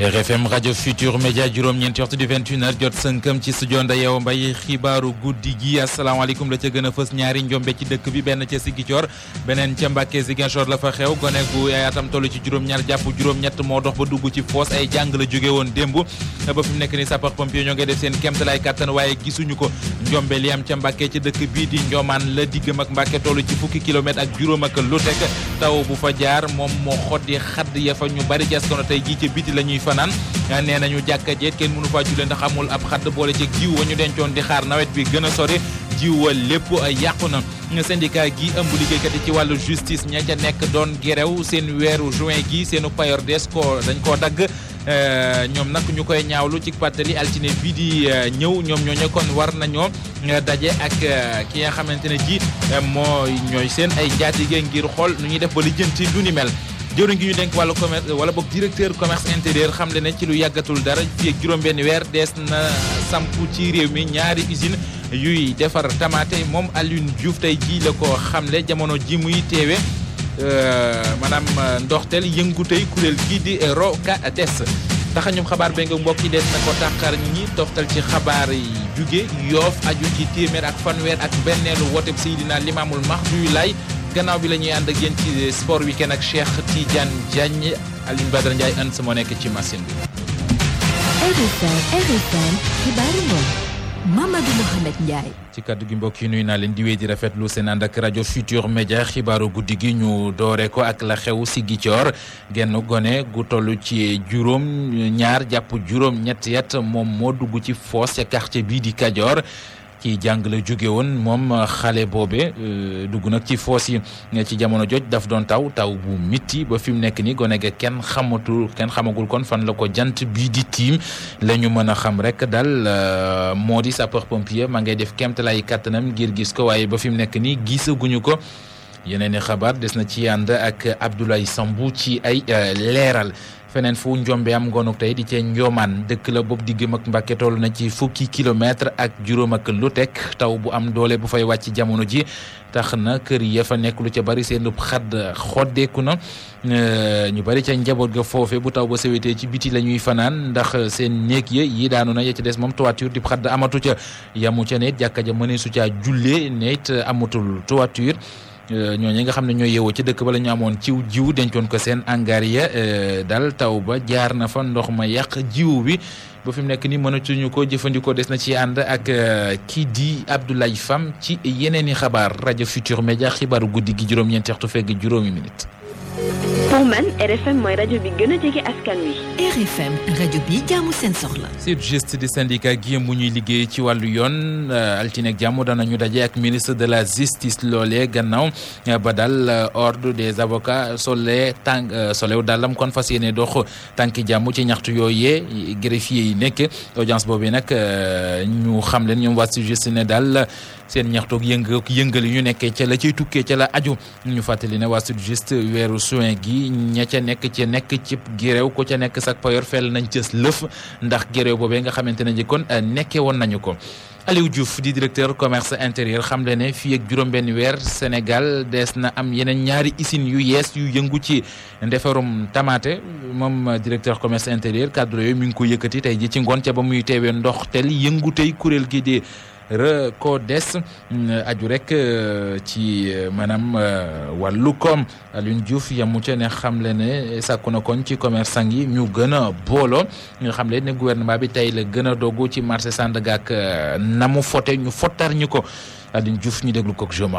RFM rajo Futur Média juróom-ñeenti waxtu di 21h jot sënkam ci studio Ndayew Mbaye xibaaru guddi gi asalaamaaleykum la ca gën a fës ñaari njombe ci dëkk bi benn ca Ziguinchor beneen ca Mbàkke Ziguinchor la fa xew gone gu yaatam tollu ci juróom-ñaar jàpp juróom-ñett moo dox ba dugg ci foos ay jàng la jóge woon démb ba fi mu nekk ni sapeur pompier ñoo ngi def seen kéemtalaay kàttan waaye gisuñu ko njombe li am ca Mbàkke ci dëkk bi di Ndioman la diggam ak Mbàkke ci fukki kilomètre ak juróom ak lu taw bu fa jaar moom moo xoddi xadd ya fa ñu bari ci askano tey jii ci biti la ñuy fanaan nee nañu jàkka jeet kenn mënu faa jullee ndax amul ab xadd boole ci giw wa ñu dencoon di xaar nawet bi gën a sori jiw lépp yàqu na syndicat gi ëmb liggéeykat ci wàllu justice ña ca nekk doon gerew seen weeru juin gi seenu payor des ko dañ koo dagg euh, ñoom nag ñu koy ñaawlu ci pàttali altine bii di euh, ñëw ñoom ñooñu kon war nañoo euh, daje ak ki nga xamante ne ji mooy ñooy seen ay njaatige ngir xool nu ñuy def ba lijjanti du ni mel jëwriñ gi ñu denk wala commerce wala boog directeur commerce intérieur xam le ne ci lu yàggatul dara fii ak juróom-benn weer dees na samp ci réew mi ñaari usine yuy defar tamaate moom Alioune Diouf tey jii la ko xamle jamono ji muy teewe euh, maanaam euh, ndoxteel yëngu tey kuréel gii di euh, Rocades taxañum xabaar ba nga mbokk yi des na ko tàqar ñi toftal ci xabaar yi jóge yoof aju ci téeméer ak fanweer ak benneelu wooteb Seydina Limaamul Mahdi lay gannaaw bi lañuy ñuy ànd ak yéen ci sport week-end ak Cheikh Tidiane Diagne Alioune Badara Ndiaye Ansa moo nekk ci machine bi. Mamadou ci kaddu gi mbokk yi nuyu naa leen di wéy di rafetlu seen ànd ak rajo Futur Media xibaaru guddi gi ñu doore ko ak la xew si Ziguinchor genn gone gu toll ci juróom ñaar jàpp juróom ñetti at moom moo dugg ci foos ca quartier bii di Kajoor. ci jàng la jóge woon moom xale boobe euh, dugg nag ci foos yi ci jamono joj daf doon taw taw bu mitti ba fi mu nekk nii gone ga kenn xamatul kenn xamagul kon fan la ko jant bii di tiim la ñu mën a xam rek daal euh, moo di sapeur pompier maa ngay def kéemtalaay kattanam ngir gis ko waaye ba fi mu nekk nii gisaguñu ko yeneen i xabaar des na ci ànd ak Abdoulaye sambu ci ay euh, leeral feneen fu njombe am ngoonuk tey di cee njoomaan dëkk la boobu diggëm ak Mbàkke toll na ci fukki kilomètre ak juróom ak lu teg taw bu am doole bu fay wàcc jamono ji tax na kër ya fa nekk lu ca bari seenub xadd xoddeeku na euh, ñu bari ca njaboot ga foofe bu taw ba sewetee ci biti la ñuy fanaan ndax seen néeg ya yi daanu na ya ca des moom toiture di xadd amatu ca yamu ca ne jàkka ja mëne su caa jullee ne amatul toiture Euh, ñooñu nga xam ne ñooy yeewoo ci dëkk ba la ñu amoon ciw jiw dencoon ko seen angaar ya euh, daal taw ba jaar na fa ndox ma yàq jiw bi ba fi mu nekk nii mënatuñu ko jëfandikoo des na ci ànd ak euh, kii di Abdoulaye Fam ci yeneen i xabaar rajo Futur Média xibaaru guddi gi juróom-ñeenti feg juróomi minute pour man RFM mooy bi gën seen soxla. SYTGIST di syndicat gi mu ñuy liggéey ci wàllu yoon euh, altine ak jàmm danañu daje ak ministre de la justice loolee gannaaw euh, ba daal euh, ordre des avocats sole tànk solew dàllam kon fas yéene dox tànki jàmm ci ñaxtu yooyee greffier yi nekk audience boobu nag ñu xam leen ñoom waa SYTGIST ne daal. seen ñaxtoog yëngoog yëngal yi ñu nekkee ca la cay tukkee ca la aju ñu fàttali ne waa sudjust weeru soin gi ña ca nekk ca nekk cib géréw ko ca nekk sak payor fell nañ cës lëf ndax géréw boobee nga xamante ne ji kon euh, nekkee woon nañu ko Aliou Diouf di directeur commerce intérieur xam le ne fii ak juróom-benn weer Sénégal des na am yeneen ñaari usines yu yees yu yëngu ci ndefarum tamaate moom directeur commerce intérieur cadre yooyu mi ngi ko yëkkati tey ji ci ngoon ca muy teewee ndox ko des mm, aju rek euh, ci euh, maanaam euh, wallu koom Alioune Diouf yamu ca ne xamle ne sàkku na kon ci commerçant yi ñu gën a booloo ñu xamle ne gouvernement bi tey la gën a dogu ci marché Sandaga ak namu fote ñu fotar ñu ko Alioune Diouf ñu déglu ko ak Jom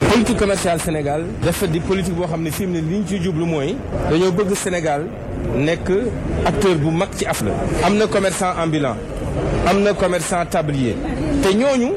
politique commercial Sénégal dafa di politique boo xam ne fi mu ne li ñu ciy jublu mooy dañoo bëgg Sénégal nekk acteur bu mag ci la am na commerçant ambulant am na commercant tablier te ñooñu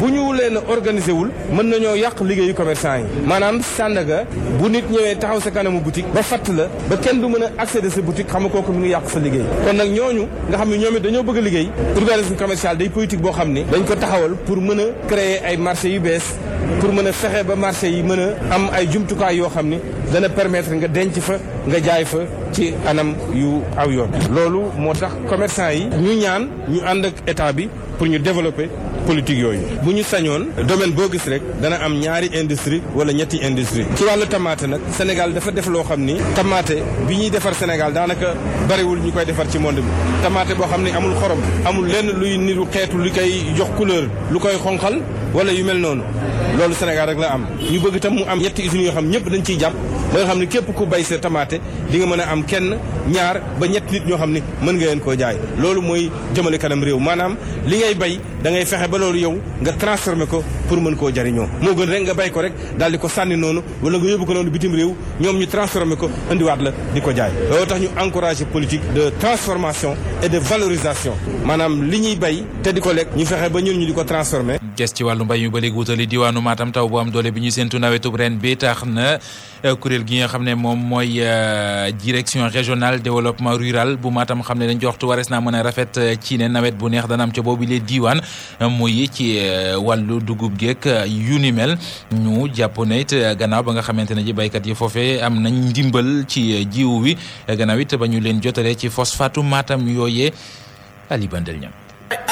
bu ñu leen organisé wul mën nañoo yàq liggéeyu commerçant yi maanaam Sandaga bu nit ñëwee taxaw sa kanamu boutique ba fatt la ba kenn du mën a accéder sa boutique xam nga kooku mu ngi yàq sa liggéey kon nag ñooñu nga xam ne ñoom it dañoo bëgg a liggéey organisme commercial day politique boo xam ne dañ ko taxawal pour mën a créer ay marché yu bees pour mën a fexe ba marché yi mën a am ay jumtukaay yoo xam ni dana permettre nga denc fa nga jaay fa ci anam yu aw yoon. loolu moo tax commerçant yi ñu ñaan ñu ànd ak état bi pour ñu développer politique yooyu bu ñu sañoon domaine boo gis rek dana am ñaari industrie wala ñetti industrie ci wàllu tamaate nag Sénégal dafa def loo xam ni tamaate bi ñuy defar Sénégal daanaka bariwul ñu koy defar ci monde bi tamaate boo xam ne amul xorom amul lenn luy niru xeetu lu koy jox couleur lu koy xonqal wala yu mel noonu loolu Sénégal rek la am ñu bëgg tam mu am ñetti usines yoo xam ñëpp dañ ciy jàpp ba xam ne képp ku bay sa tamaate di nga mën a am kenn ñaar ba ñett nit ñoo xam ne mën nga leen koo jaay loolu mooy jëmale kanam réew maanaam li ngay bay da ngay fexe ba loolu yow nga transformé ko pour mën koo jariñoo moo gën rek nga bay ko rek daal di ko sànni noonu wala nga yóbbu ko noonu bitim réew ñoom ñu transformé ko indiwaat la di ko jaay loolu tax ñu encouragé politique de transformation et de valorisation maanaam li ñuy bay te di ko lekk ñu fexe ba ñun ñu di ko transformé des ci wàllu mbay mi ba léegi wutali diwaanu Matam taw bu am doole bi ñuy séntu nawetub ren bi tax na eh, kuréel kuréel gi nga xam ne moom mooy euh, direction régionale développement rural bu maatam xam ne dañ ci waxtu warees naa mën a rafet euh, ci ne nawet bu neex dana am ca bi lee diiwaan euh, muy ci wàllu dugub geek yu ni mel ñu jàpp ne it gannaaw ba nga xamante ne ji béykat yi foofee am nañ ndimbal ci jiwu wi gannaaw it ba ñu leen jotalee ci phosphatu Matam yooyee Ali Bandel ñam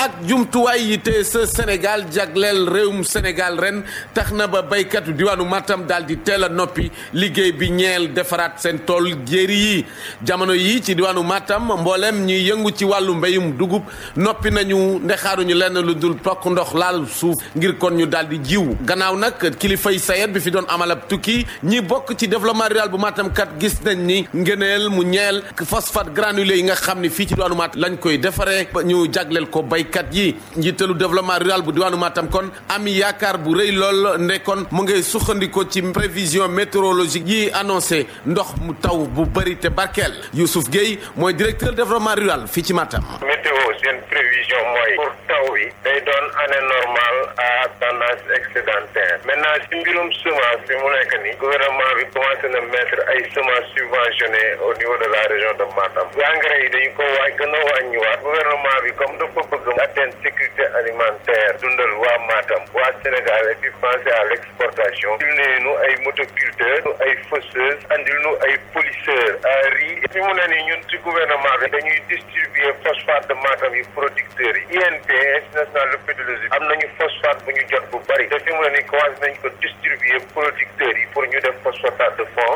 ak jumtuwaay yi te sa Sénégal jagleel réewum Sénégal ren tax na ba béykatu diwaanu Matam daal di teel noppi liggéey bi ñeel defaraat seen tool jéeri yi jamono yi ci diwaanu Matam mboolem ñuy yëngu ci wàllu mbéyum dugub noppi nañu ndexaaruñu lenn lu dul tokk ndox laal suuf ngir kon ñu daal di jiw gannaaw nag kilifay sayet bi fi doon amal ab tukki ñi bokk ci développement rural bu Matam kat gis nañ ni ngëneel mu ñeel phosphate granulé yi nga xam ne fii ci diwaanu Matam lañ koy defaree ñu jagleel ko baykat yi njiitalu développement rural bu diwaanu Matam kon am yaakaar bu rëy lool ne mu ngay suxandikoo ci prévision météorologique yi annoncé ndox mu taw bu bëri te barkeel Youssouf Guèye mooy directeur développement rural fii ci Matam. météo seen prévision mooy pour taw yi day doon année normale à tendance excédentaire maintenant si mbirum semence bi mu nekk nii gouvernement bi commencé na mettre ay semences subventionnées au niveau de la région de Matam a wàññiwaat gouvernement bi comme dafa atteindre sécurité alimentaire dundal waa Matam waa Sénégal et puis penser à l'exportation il ne nu ay motoculteurs nu ay fausseuses andil nu ay polisseurs a riz fi mu ne ni ñun ci gouvernement bi dañuy distribuer phosphate de Matam yi producteurs yi INP Institut national de pédologie am na phosphate bu ñu jot bu bari te fi mu ne nii commencé nañ ko distribuer producteurs yi pour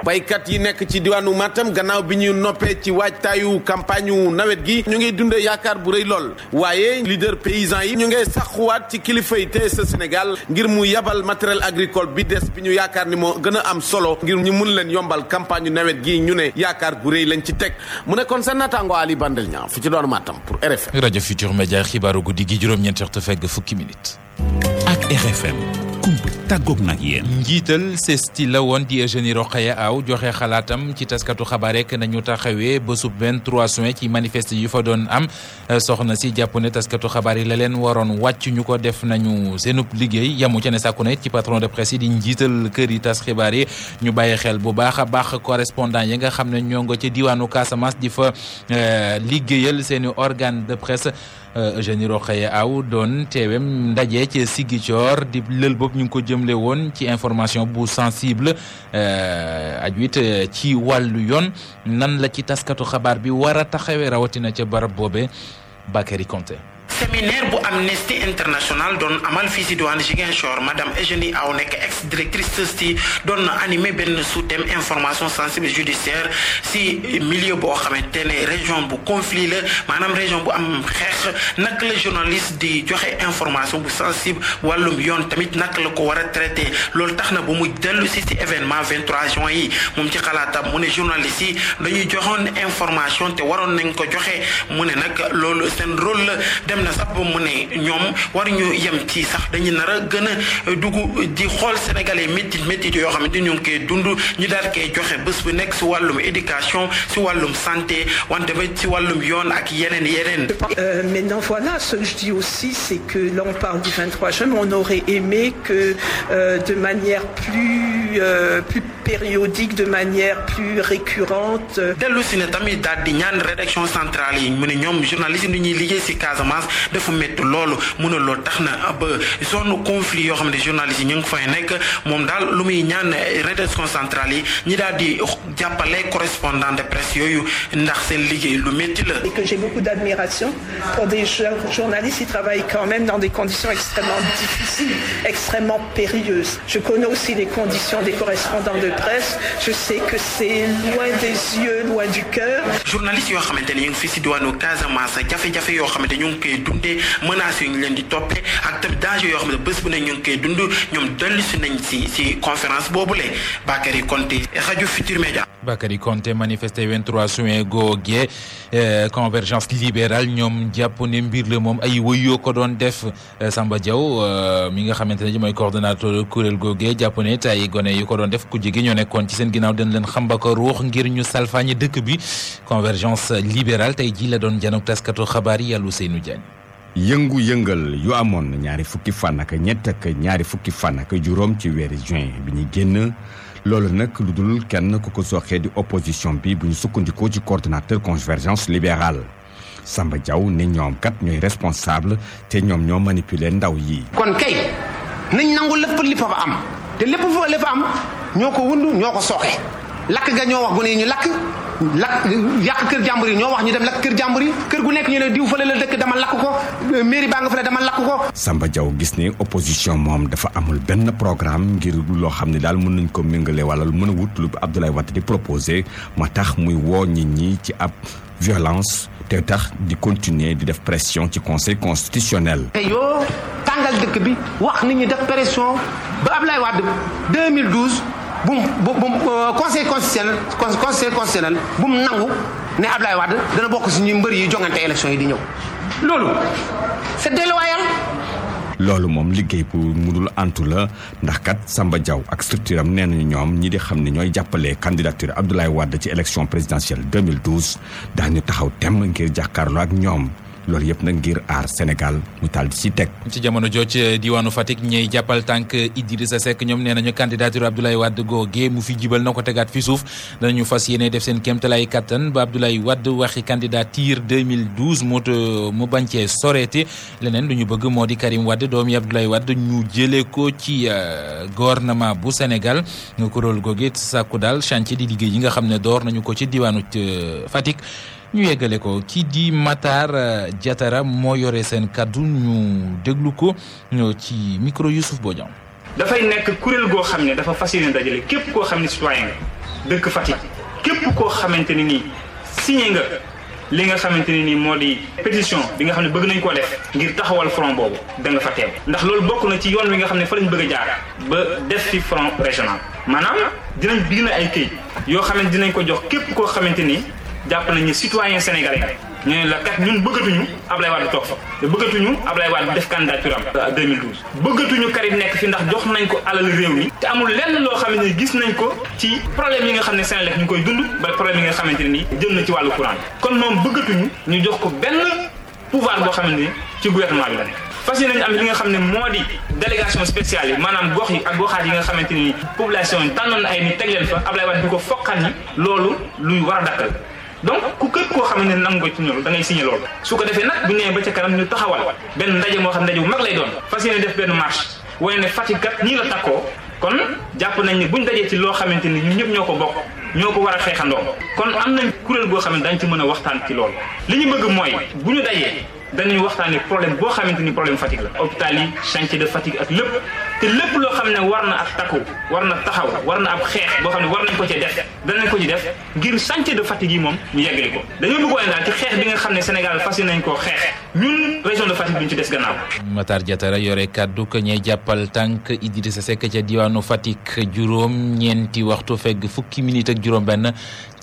baykat yi nekk ci diwaanu Matam gannaaw bi ñuy noppee ci waajtaayu campagne yu nawet gi ñu ngi dundee yaakaar bu rëy lool waaye leader paysan yi ñu ngi saxuwaat ci kilifa yi te sa Sénégal ngir mu yabal matériel agricole bi des bi ñu yaakaar ni moo gën am solo ngir ñu mun leen yombal campagne nawet gi ñu ne yaakaar bu rëy lañ ci teg mu nekkoon seen naataango Ali Bandel ñaa fu ci doon Matam pour RFM. rajo Futur Média xibaaru guddi gi juróom-ñeent waxtu fegg fukki minutes ak kumpa tàggoog nag yéen njiital CESTI la woon di Eugénie Rokhaya Aw joxe xalaatam ci taskatu xabaar rek nañu taxawee bésub 23 juin ci manifeste yi fa doon am soxna si jàpp ne taskatu xabaar yi la leen waroon wàcc ñu ko def nañu seenub liggéey yamu ca ne sàkku na ci patron de presse yi di njiital kër yi tas xibaar yi ñu bàyyi xel bu baax a baax correspondant yi nga xam ne ñoo nga ca diwaanu Casamance di fa euh, liggéeyal seeni organe de presse euh, Eugénie Rokhaya Aw doon teewem ñu ngi ko jëmle woon ci information bu sensible euh, aju it euh, ci wàllu yoon nan la ci taskatu xabaar bi war a taxawee rawatina ca barab boobe Bakary Konté séminaire bu Amnesty International doon amal fii si diwaan Ziguinchor madame Eugénie Aw nekk ex directrice si doon na animé benn sous-thème information sensible judiciaire si milieu boo xamante ne région bu conflit la maanaam région bu am xeex naka la journaliste di joxe information bu sensible wàllum yoon tamit naka la ko war a traité loolu tax na bu muy dellu si si événement 23 juin yi moom ci xalaatam mu ne journaliste yi dañuy joxoon information te waroon nañ ko joxe mu ne nag loolu seen la dem sax ba mu ne ñoom waruñu yem ci sax dañu nar a gën a dugg di xool sénégalais métti métti yoo xam ne ñu ngi koy dund ñu daal koy joxe bés bu nekk si wàllum éducation si wàllum santé wante ba si wàllum yoon ak yeneen yeneen. Euh, maintenant voilà ce que je dis aussi c'est que là on parle du 23 juin mais on aurait aimé que euh, de manière plus euh, périodique de manière plus récurrente. dellu si ne tamit daal di ñaan rédaction centrale yi mu ne ñoom journaliste yi ñuy liggéey si Casamance dafa métti loolu mu ne loolu tax na ba zone conflit yoo xam ne journaliste yi ñu ngi fay nekk moom daal lu muy ñaan rédaction centrale yi ñi daal di jàppale correspondant de presse yooyu ndax seen liggéey lu métti la. et que j'ai beaucoup d'admiration pour des journalistes qui travaillent quand même dans des conditions presse je sais que c'est loin des yeux loin du cœur. journaliste yoo xamante ne ñu ngi fii si diwaanu Casamance jafe-jafe yoo xamante ñu ngi koy dundee menaces yi ñu leen di toppee ak tamit danger yoo xam ne bés bu ne ñu ngi koy dund ñoom dellu si nañ si si conférence boobule Bakary Konté rajo Futur Média. Bakary Konté manifesté 23 juin googee euh, convergence libérale ñoom jàpp ne mbir la moom ay wëyoo ko doon def euh, Samba Diaw euh, mi nga xamante ne mooy coordonnateur kuréel googee jàpp ne tay gone yu ko doon def ku jege ñoo nekkoon ci seen ginnaaw dañ leen xamba ko ruux tey jii la doon janok taskatu xabaar yi yàllu Seynou yëngu-yëngal yu amoon ñaari fukki fan ak ñett ak ñaari fukki fan ak juróom ci weeri juin bi ñuy génn loolu nag lu dul kenn ku ko soxee di opposition bi bu ñu sukkandikoo ci coordonnateur convergence libérale Samba Diaw ne ñoom kat ñooy responsable te ñoom ñoo manipuler ndaw yi. kon kay nañ nangu lépp li fa am te lépp fa am ñoo ko wund ñoo ko sooxe lakk ga ñoo wax gone yi ñu lakk lakk yàq kër jàmbur yi ñoo wax ñu dem lakk kër jàmbur yi kër gu nekk ñu ne diw fële la dëkk dama lakk ko euh, mairie baa nga fële dama lakk ko. Samba jaw gis ne opposition moom dafa amul benn programme ngir loo xam ne daal mën nañ ko méngale wala mën a wut lu Abdoulaye Wade di proposé ma tax muy woo nit ñi ci ab violence te tax di continuer di def pression ci conseil constitutionnel. te yoo tàngal dëkk bu mu bu mu euh, conseil constitutionnel conseil constitutionnel mu nangu ne Ablaye Wade dana bokk suñu mbër yi jongante élection yi di ñëw loolu c'est déloyal. loolu moom liggéey bu mudul antu la ndax kat Samba Diaw ak structure am nee nañu ñoom ñi di xam ne ñooy jàppale candidature Abdoulaye Wade ci élection présidentielle 2012 daañu taxaw temm ngir jàkkaarloo ak ñoom. loolu yëpp nag ngir aar Sénégal mu taal di si teg. ci jamono joo jooj diwaanu Fatick ñooy jàppal tànk sa Seck ñoom nee nañu candidature Abdoulaye wadd googee mu fi jibal na ko tegaat fi suuf ñu fas yéene def seen kéemtalaay kattan ba Abdoulaye Wade waxi candidature 2012 mu mu bañ cee soreeti leneen lu ñu bëgg moo di Karim Wade doomi Abdoulaye Wade ñu jëlee ko ci euh, gouvernement bu Sénégal nga kuréel googu it sàkku daal chantier di liggéey yi nga xam ne door nañu ko ci diwaanu euh, Fatick. ñu yeggale ko kii di Matar euh, Diatara moo yore seen kàddu ñu déglu ko ci micro Youssouf Bodian. dafay nekk kuréel goo xam ne dafa facilité dajale képp koo xam ne citoyen nga dëkk Fatick képp koo xamante ne nii signé nga li nga xamante ne nii moo di pétition bi nga xam ne bëgg nañ koo def ngir taxawal front boobu da nga fa teew ndax loolu bokk na ci yoon wi nga xam ne fa lañu bëgg a jaar ba def fi front régional maanaam dinañ bind ay këyit yoo xam ne dinañ ko jox képp koo xamante ni jàpp nañu ne citoyen sénégalais ñu ne la ñun bëggatuñu Ablaye Wade toog fa te bëggatuñu Ablaye Wade def candidature am 2012 bëggatuñu Karim nekk fi ndax jox nañ ko alal réew mi te amul lenn loo xam ne gis nañ ko ci problème yi nga xam ne Senelec ñu ngi koy dund ba problème yi nga xamante ne nii jëm na ci wàllu courant kon moom bëggatuñu ñu jox ko benn pouvoir boo xam ne ci gouvernement bi la nekk fas yéene nañu am li nga xam ne moo di délégation spéciale yi maanaam gox yi ak goxaat yi nga xamante ni population yi tànnoon na ay nit teg leen fa ko foqal yi loolu luy war a donc ku képp koo xamante ne nangu ci ñoom da ngay signé loolu su ko defee nag bu ñëwee ba ca kanam ñu taxawal benn ndaje moo xam ndaje bu mag lay doon fas yéene def benn marche wane ne Fatick kat ñii la takkoo kon jàpp nañ ni buñ dajee ci loo xamante ni ñun ñëpp ñoo ko bokk ñoo ko war a xeexandoo kon am nañ kuréel goo xam ne dañ ci mën a waxtaan ci loolu li ñu bëgg mooy bu ñu dajee waxtaan waxtaanee problème boo xamante ni problème Fatick la. hôpital yi chantier de Fatick ak lépp te lépp loo xam ne war na ak takku war na taxaw war na ab xeex boo xam ne war nañ ko ci def ngir chantier de Fatick yi moom ñu yeggali ko dañoo bëggoon daal ci xeex bi nga xam ne Sénégal fas nañ ko xeex ñun région de Fatick duñ ci des gannaaw. Matar Diatara yore kaddu ko ñee jàppal tànk Idrissa Seck ca diwaanu Fatick juróom ñeenti waxtu feg fukki minute ak